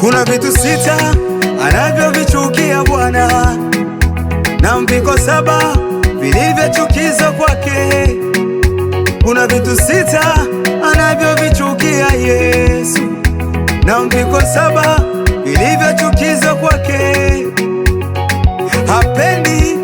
Kuna vitu sita anavyovichukia Bwana na mpiko saba vilivyochukiza kwake. Kuna vitu sita anavyovichukia Yesu na mpiko saba vilivyochukiza kwake. Hapendi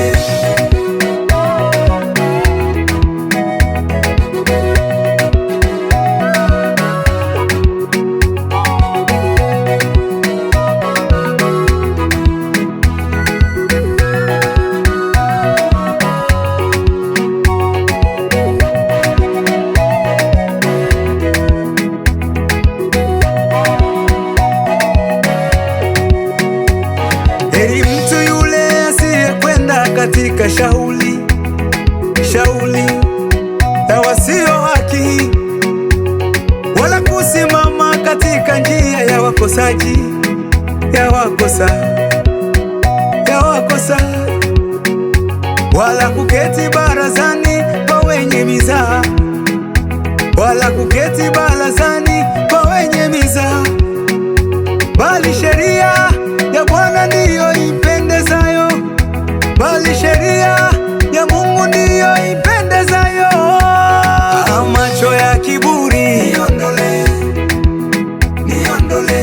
Heri mtu yule asiyekwenda katika shauli shauli na wasio haki, wala kusimama katika njia ya wakosaji ya wakosa ya wakosa, wala kuketi barazani kwa wenye mizaha, wala kuketi barazani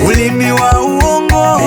ulimi wa uongo